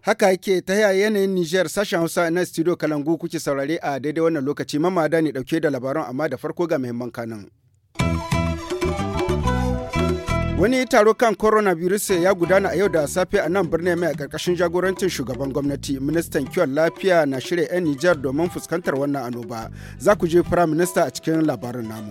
Haka yake ta yanayin Niger sashen Hausa na studio Kalangu kuke saurare a daidai wannan lokaci mamada ne dauke da labaran amma da farko ga muhimman kanan. Wani taro kan coronavirus ya gudana a yau da safe a nan birnin mai a ƙarƙashin jagorancin shugaban gwamnati. Ministan kiwon lafiya na shirya 'yan Nijar domin fuskantar wannan annoba. Za ku je Firayim Minista a cikin labarin namu.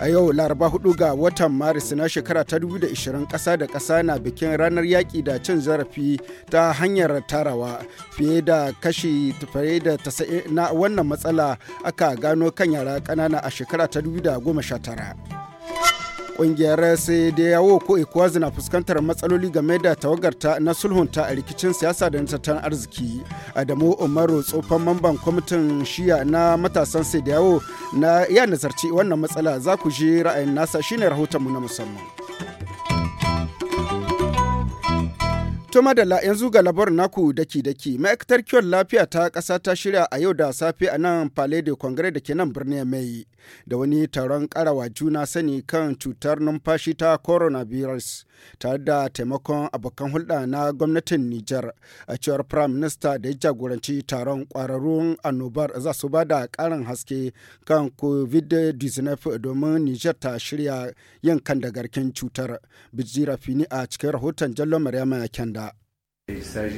A yau Laraba hudu ga watan Maris na shekara ta 2020 ƙasa da kasa na bikin ranar yaƙi da cin zarafi ta hanyar tarawa fiye da kashi fiye da na wannan matsala aka gano kan yara ƙanana a shekara ta 2019. Ƙungiyar sai da yawo ko ikuwa na fuskantar matsaloli game da tawagarta na sulhunta a rikicin siyasa da tattalin arziki. Adamu Umaru tsofan mamban kwamitin shiya na matasan sai da yawo na ya nazarci wannan matsala za ku ji ra'ayin nasa shine rahotonmu na musamman. To madalla yanzu ga labar naku daki-daki ma'aikatar kiwon lafiya ta ƙasa ta shirya a yau da safe a nan Palais de Congrès da ke nan birnin mai da wani taron karawa juna sani kan cutar numfashi ta coronavirus tare da taimakon abokan hulɗa na gwamnatin Nijar a cewar Prime Minister da ya jagoranci taron kwararrun annobar za su ba da ƙarin haske kan COVID-19 domin Nijar ta shirya yin kan da garkin cutar. Bijira Fini a cikin rahoton Jallo Maryama Kenda.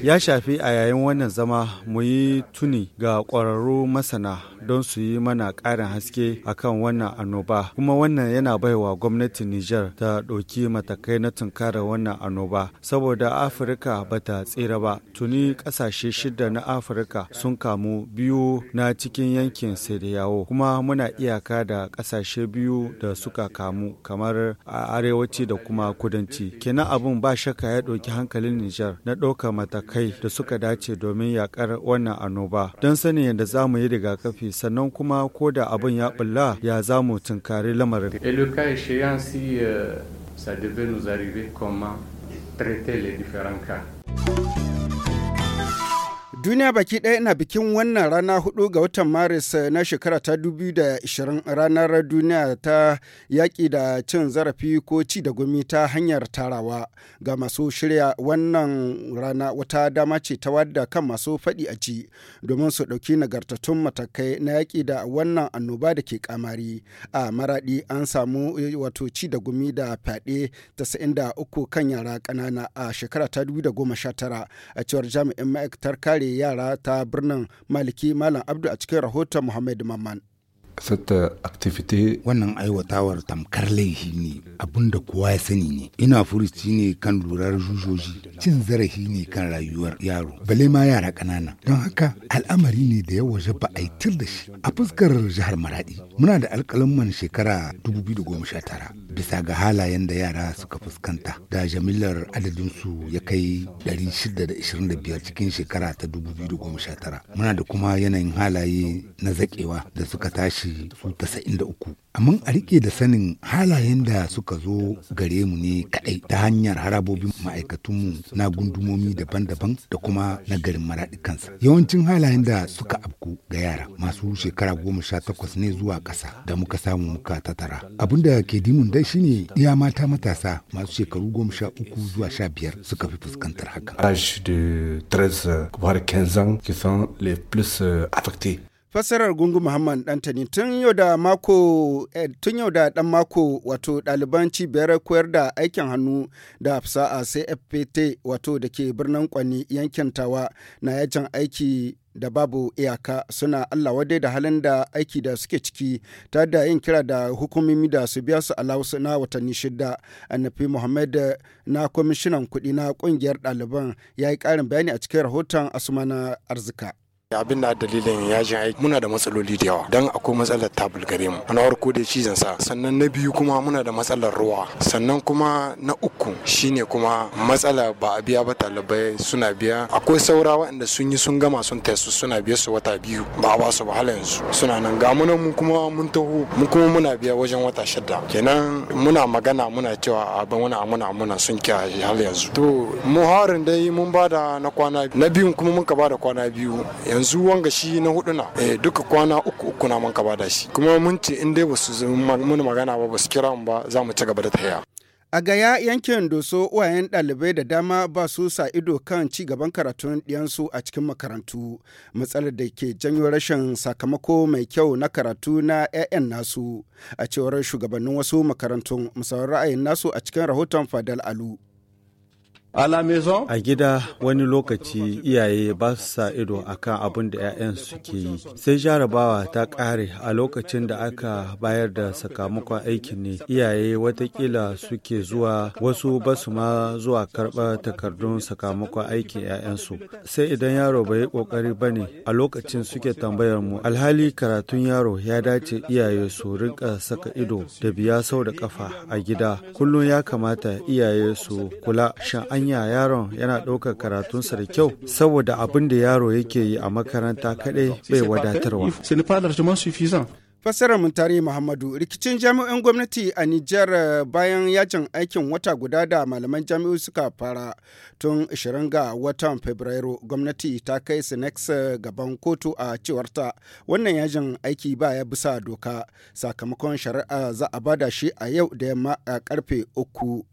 Ya shafi a yayin wannan zama mu yi tuni ga ƙwararru masana don su yi mana ƙarin haske akan wannan annoba kuma wannan yana baiwa gwamnatin niger ta ɗauki matakai na tunkara wannan annoba saboda Afirka ba ta tsira ba tuni ƙasashe shida na Afirka sun kamu biyu na cikin yankin Sediyawo kuma muna iyaka da ƙasashe biyu da suka kamu kamar a arewaci da kuma kudanci kenan abun ba shakka ya ɗauki hankalin niger na ɗauka ɗaukar matakai da suka dace domin yakar wannan annoba don sanin yadda za mu yi rigakafi sannan kuma ko da abin ya bulla ya za mu tunkari lamarin. Euh, ça devait traiter les différents cas. Duniya baki ɗaya na bikin wannan rana hudu ga watan Maris eh, na shekara ta 2020 ranar duniya ta yaƙi da cin zarafi ko ci da gumi ta hanyar tarawa. Ga masu shirya wannan rana wata dama ce ta wadda kan masu faɗi a ci domin su ɗauki nagartattun matakai na yaƙi da wannan annoba da ke kamari. A maraɗi an samu eh, wato ci da gumi da fyaɗe 93 kan yara ƙanana a shekara ta tara a cewar jami'in ma'aikatar kare yara ta birnin Maliki Malam Abdu a cikin rahoton Muhammad Mamman. Sata activity. Wannan aiwatawar tamkar laifi ne da kowa ya sani ne. Ina furuci ne kan lurar jujoji, cin zarafi ne kan rayuwar yaro, bale ma yara ƙanana. Don haka al'amari ne da ya waje ba a yi tir da shi. A fuskar jihar Maradi, muna da alƙalamman shekara 2019 bisa ga halayen da yara suka fuskanta da jamilar adadinsu ya kai 625 cikin shekara ta 2019. Muna da kuma yanayin halaye na zaƙewa da suka tashi su amma a rike da sanin halayen da suka zo gare mu ne kadai ta hanyar harabobin ma'aikatunmu na gundumomi daban-daban da kuma na garin maraɗi kansa yawancin halayen da suka afku ga yara masu shekara goma sha takwas ne zuwa ƙasa da muka samu muka tattara abinda da ke dimun dai shine iya mata matasa masu shekaru goma sha uku zuwa sha biyar suka fi fuskantar haka. Âge de 13 voire 15 ans qui sont les plus euh, affectés. Fassarar Gungu Muhammad Dantani tun yau da mako eh, tun yau da dan mako wato ɗaliban cibiyar koyar da aikin hannu da fasaha fpt wato da ke birnin Kwani yankin Tawa na yajin aiki da babu iyaka suna Allah wadai da halin da aiki da suke ciki ta da yin kira da hukumomi da su biya su alawusu na watanni shida annabi Muhammad na kwamishinan kuɗi na ƙungiyar ɗaliban ya yi ƙarin bayani a cikin rahoton asuma na Arzika. abin da dalilin yajin aiki muna da matsaloli da yawa dan akwai matsalar tabul gare mu na farko da cizon sa sannan na biyu kuma muna da matsalar ruwa sannan kuma na uku shine kuma matsala ba a biya ba talibai suna biya akwai saura waɗanda sun yi sun gama sun tesu suna biya su wata biyu ba a ba su ba yanzu suna nan ga mu kuma mun taho mu kuma muna biya wajen wata shida kenan muna magana muna cewa abin wani amuna muna sun kya halin yanzu to muharin dai mun bada na kwana na biyun kuma mun ka bada kwana biyu yanzu yanzu wanga shi na hudu na eh, duka kwana uku uku na mun bada shi kuma mun ce in dai basu muna magana ba basu kira mu ba za mu ci gaba da taya A gaya yankin doso uwayen dalibai da dama ba su sa ido kan ci gaban karatun ɗiyansu a cikin makarantu, matsalar da ke janyo rashin sakamako mai kyau na karatu na 'ya'yan nasu, a cewar shugabannin wasu makarantun musamman ra'ayin nasu a cikin rahoton Fadal Alu. A gida wani lokaci iyaye ba su sa ido akan abin da 'ya'yansu ke yi. Sai jarabawa ta ƙare a lokacin da aka bayar da sakamakon aikin ne. Iyaye watakila suke zuwa wasu ba su ma zuwa karɓar takardun sakamakon aikin 'ya'yansu. Sai idan yaro bai yi ƙoƙari ba ne a lokacin suke tambayar mu. Alhali karatun yaro ya dace iyaye su rinka saka ido da biya sau da ƙafa a gida. Kullum ya kamata iyaye su kula shan anya yaron yana ɗaukar karatunsa da kyau saboda abin da yaro yake yi a makaranta kaɗai bai wadatarwa. Fassarar Muntari Muhammadu rikicin jami'in gwamnati a Nijar eh, bayan yajin aikin wata guda da malaman jami'u suka fara tun 20 ga watan Fabrairu gwamnati ta kai Sinex eh, gaban kotu a cewarta wannan yajin aiki ba ya bisa doka sakamakon shari'a za a bada shi a yau da yamma a eh, karfe uku.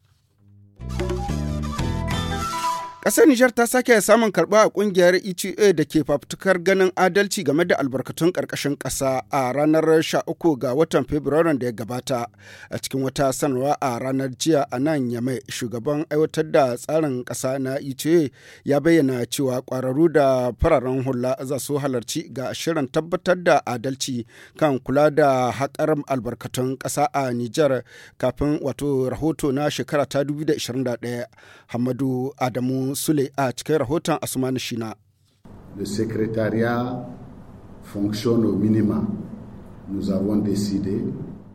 Ƙasar Nijar ta sake samun karɓa a ƙungiyar ETA da ke fafutukar ganin adalci game da albarkatun ƙarƙashin ƙasa a ranar 13 ga watan Fabrairun da ya gabata. A cikin wata sanarwa a ranar jiya a nan Yamai, shugaban aiwatar da tsarin ƙasa na ETA ya bayyana cewa ƙwararru da fararen hula za su halarci ga shirin tabbatar da adalci kan kula da haƙar albarkatun ƙasa a Nijar kafin wato rahoto na shekara ta 2021. Hamadu Adamu Sule a cikin rahoton Asmanu Shina. Le secrétariat fonctionne au minima. Nous avons décidé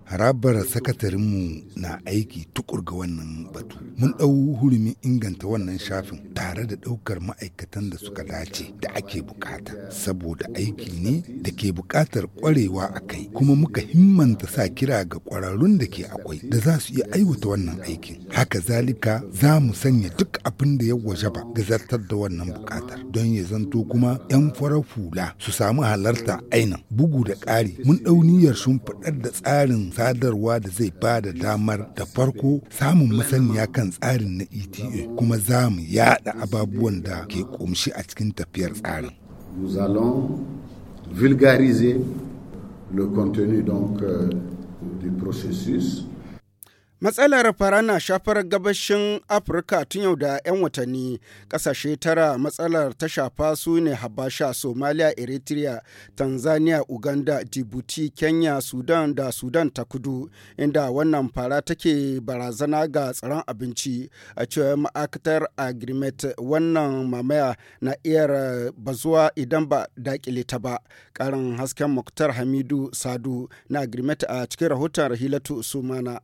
harabar sakatarinmu na aiki tukur ga wannan batu mun ɗau hurumin inganta wannan shafin tare da ɗaukar ma'aikatan da suka dace da ake bukata saboda aiki ne da ke bukatar ƙwarewa a kai kuma muka himmanta sa kira ga ƙwararrun da ke akwai da za su iya aiwata wannan aikin haka zalika za mu sanya duk abin da ya ba ga zartar da wannan bukatar don ya zanto kuma 'yan farar hula su samu halarta ainan bugu da ƙari mun ɗau niyyar shimfiɗar da tsarin sadarwa da zai ba da damar da farko samun masaniya kan tsarin na ETA kuma za mu yada ababuwan da ke kumshi a cikin tafiyar tsari. Nous allons vulgariser le contenu donc euh, du processus Matsalar fara na shafar gabashin Afirka tun yau da 'yan watanni. Ƙasashe tara matsalar ta shafa su ne Habasha, Somalia, Eritrea, Tanzania, Uganda, Djibouti, Kenya, Sudan da Sudan ta kudu, inda wannan fara take barazana ga tsaron abinci. A cewa ma'akatar Agrimet wannan mamaya na iya bazuwa idan ba daƙile ta ba. Ƙarin hasken Muktar Hamidu Sadu na Agrimet a cikin rahoton Rahilatu Sumana.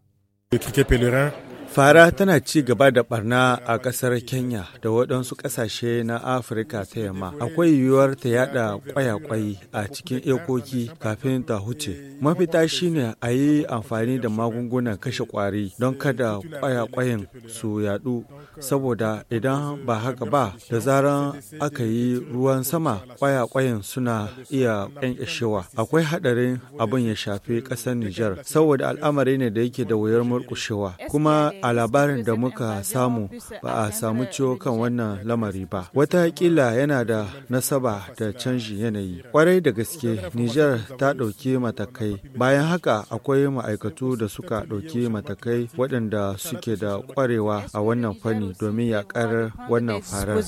Fara tana ci gaba da barna a ƙasar Kenya da waɗansu ƙasashe na Afirka ta yamma. Akwai yiwuwar ta yada kwayakwai a cikin ekoki kafin ta huce. Mafita shine a yi amfani da magungunan kashe ƙwari don kada kwayakwayin su yadu. Saboda idan ba haka ba, da zaran aka yi ruwan sama kwayakwayin suna iya ƙanƙashewa. Akwai haɗarin abin ya shafi ƙasar Nijar, saboda al'amari ne da yake da wuyar murkushewa kuma a labarin da muka samu ba a samu ciwo kan wannan lamari ba wata watakila yana da nasaba da canji yanayi kwarai da gaske niger ta ɗauki matakai bayan haka akwai ma'aikatu da suka ɗauki matakai waɗanda suke da kwarewa a wannan fanni domin yakar wannan farar.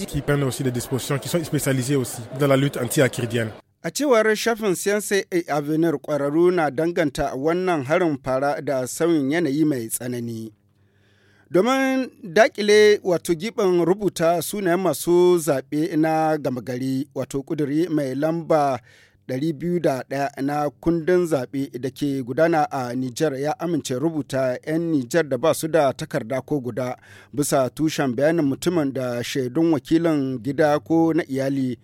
A cewar shafin siyansa a Avenir kwararru na danganta wannan harin fara da sauyin yanayi mai tsanani. Domin dakile wato giɓin rubuta sunayen masu zaɓe na gama gari wato ƙuduri mai lamba 201 na kundin zaɓe da ke gudana a Nijar ya amince rubuta 'yan Nijar da ba su da takarda ko guda bisa tushen bayanin mutumin da shaidun wakilin gida ko na iyali.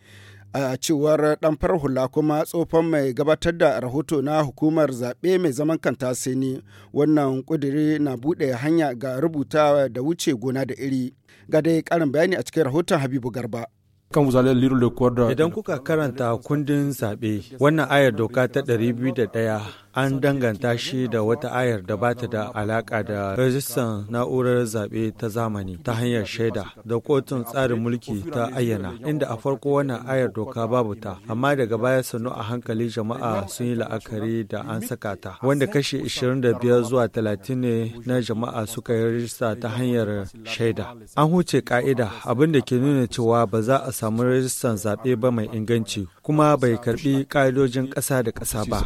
a cewar dan hula kuma tsofan mai gabatar da rahoto na hukumar zaɓe mai zaman kanta sani wannan ƙudiri na buɗe hanya ga rubuta da wuce gona da iri ga dai karin bayani a cikin rahoton habibu garba Idan kuka karanta kundin zaɓe, wannan ayar doka ta 201 an danganta shi da wata ayar da ba ta da alaka da rajistan na'urar zaɓe ta zamani ta hanyar shaida da kotun tsarin mulki ta ayyana inda a farko wannan ayar doka babu ta amma daga baya sannu a hankali jama'a sun yi la'akari da an saka ta wanda kashi 25 zuwa 30 ne na jama'a suka yi rajista ta hanyar shaida an huce ka'ida abin da ke nuna cewa ba za a samu rajistan zaɓe ba mai inganci kuma bai karbi ƙa'idojin ƙasa da ƙasa ba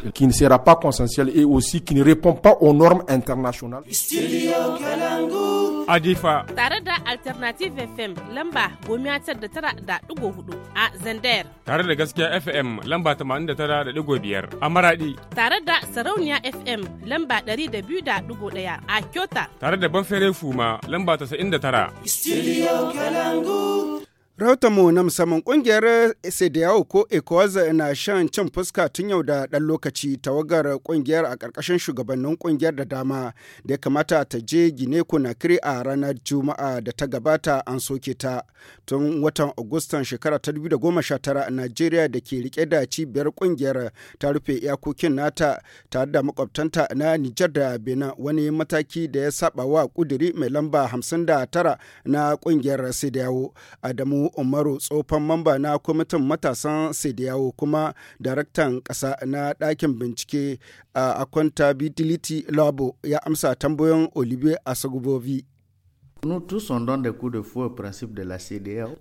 essentiel et aussi qui ne répond pas aux normes internationales. Studio Kalangu. Adifa. Tare da Alternative FM lamba gomiya tar da tara da ɗigo hudu a Zander. Tare da gaskiya FM lamba tamanin da tara da ɗigo biyar a Maradi. Tare da Sarauniya FM lamba ɗari da biyu da ɗigo ɗaya a Kyota. Tare da Banfere Fuma lamba tasa'in da tara. Studio Kalangu. Rahotonmu na musamman kungiyar Sedeau ko ECOWAS na shan cin fuska tun yau da ɗan lokaci tawagar kungiyar a ƙarƙashin shugabannin kungiyar da dama da ya kamata ta je Gine Conakry a ranar Juma'a da ta gabata an soke ta. Tun watan Agustan shekara ta 2019 Najeriya da ke rike da cibiyar kungiyar ta rufe iyakokin nata tare da makwabtanta na Nijar da Benin wani mataki da ya saba wa kuduri mai lamba 59 na kungiyar Sedeau. Adamu Umaru tsofan mamba na kwamitin matasan Sidiyawo kuma daraktan ƙasa na ɗakin bincike a Akwanta Labo ya amsa tambayoyin Olivier Asogbovi.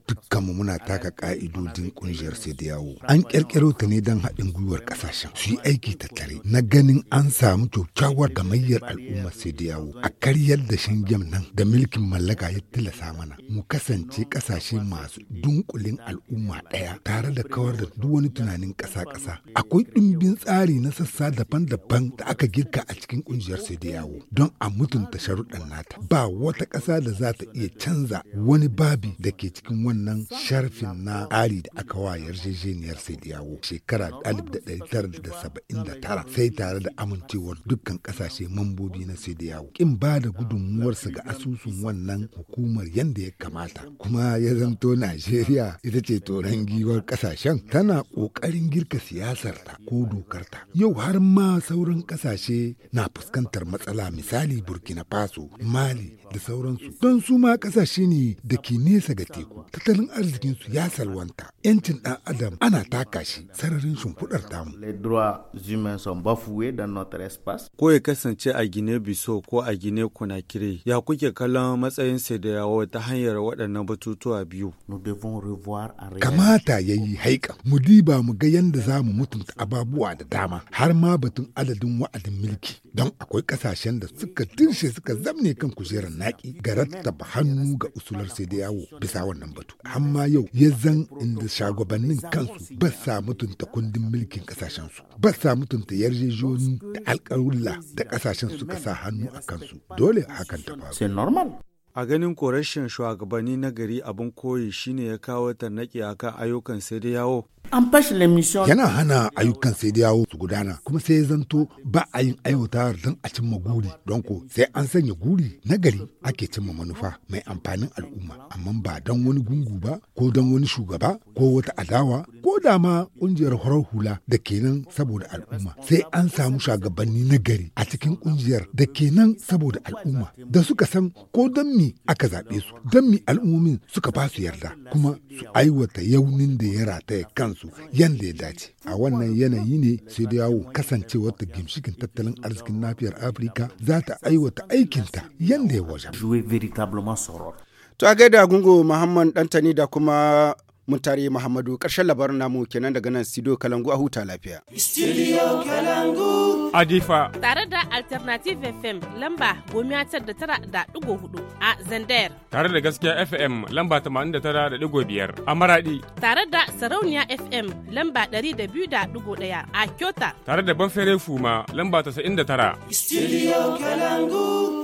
dukkan mu muna taka ka'idodin kungiyar CDAO. An ƙirƙiro ta ne don haɗin gwiwar ƙasashen su yi aiki ta tare. na ganin an samu kyakkyawar gamayyar al'ummar CDAO a karyar da shingen nan da milkin mallaka ya tilasa mana. Mu kasance ƙasashe masu dunkulin al'umma ɗaya tare da kawar da duk wani tunanin ƙasa-ƙasa. Akwai ɗimbin tsari na sassa daban-daban da aka girka a cikin kungiyar CDAO don a mutunta sharuɗan nata. Ba wata ƙasa da da za ta iya canza wani babi da ke cikin wannan sharfin na Ali da aka wa yarjejeniyar sai da yawo shekara 1979 sai tare da amincewar dukkan ƙasashe mambobi na sai da yawo kin ba da gudunmuwarsa ga asusun wannan hukumar yadda ya kamata kuma ya zanto najeriya ita ce toron giwar ƙasashen tana ƙoƙarin girka siyasarta ko dokarta yau har ma sauran ƙasashe na fuskantar matsala misali burkina faso mali da sauransu don su ma ƙasashe ne da ke nesa ga teku tattalin arzikinsu ya salwanta yancin ɗan adam ana taka shi sararin shimfiɗar tamu. Ko ya kasance a Gine Biso ko a Gine kunakire ya kuke kallon matsayin yawo ta hanyar waɗannan batutuwa biyu. Kamata ya yi haika mu diba mu ga yadda za mu mutunta ababuwa da dama har ma batun adadin wa'adin mulki don akwai ƙasashen da suka dirshe suka zamne kan kujerar naƙi gara rattaba hannu ga usular sai da yawo bisa wannan batu amma yau ya zan inda shagabannin kansu ba sa mutunta kundin mulkin kasashen su ba sa mutunta yarjejoni da alƙarulla da kasashen suka sa hannu a kansu dole hakan ta faru a ganin ko shugabanni na gari abin koyi shine ya kawo tarnaƙi akan ayyukan sai da yawo an fashe mission yana hana ayyukan sai da yawo su gudana kuma sai ya zanto ba a yin aiwata don a cimma guri don ko sai an sanya guri na gari ake cimma manufa mai amfanin al'umma amma ba don wani gungu ba ko don wani shugaba ko wata adawa ko da ma ƙungiyar horar hula da kenan saboda al'umma sai an samu shugabanni na gari a cikin ƙungiyar da kenan saboda al'umma da suka san ko don mi aka zaɓe su don mi al'ummomin suka ba su yarda kuma su aiwata yaunin da ya rataya kansu yadda ya dace a wannan yanayi ne sai da yawo kasancewar ta gimshikin tattalin arzikin nafiyar afirka za ta aiwata aikinta yadda ya wajen. To a gaida gungu Muhammad Dantani da kuma tare Muhammadu ƙarshen labarin namu kenan daga nan Studio Kalangu a huta lafiya. Studio Kalangu. Adifa. Tare da Alternative FM lamba goma da tara da ɗigo hudu a Zandayar. Tare da gaskiya FM lamba tamanin da tara da ɗigo biyar a Maradi. Tare da Sarauniya FM lamba ɗari da biyu da ɗigo ɗaya a Kyota. Tare da Banfere Fuma lamba tasa'in da tara. Studio Kalangu.